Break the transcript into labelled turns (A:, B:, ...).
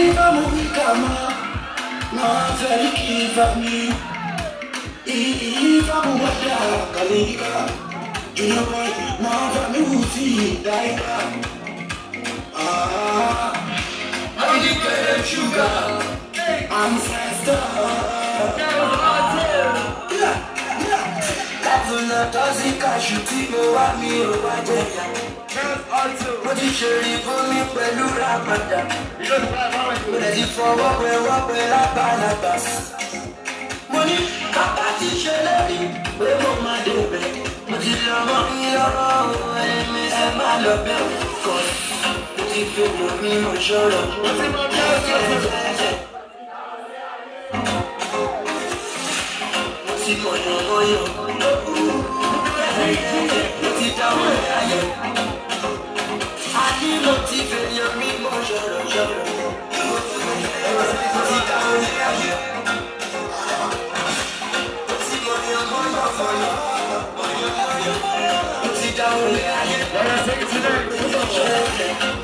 A: Simama I am so Kavuna ṣòrí bómi pẹ̀lú ràpàdà.
B: Mo lè ti fọwọ́ pẹ́ wọ́pẹ́ lábàlábà. Mo ní bàbá ti ṣe lẹ́rìí pé mo máa débẹ̀. Mo ti lọ mọ́ mi lọ́wọ́ ohun ẹ̀mí ẹ má lọ bẹ̀ kọ́. Mo ti fi
A: mọ mi mọ Mo ti mọ̀ yàn mọ́
C: Sevgili seyirciler.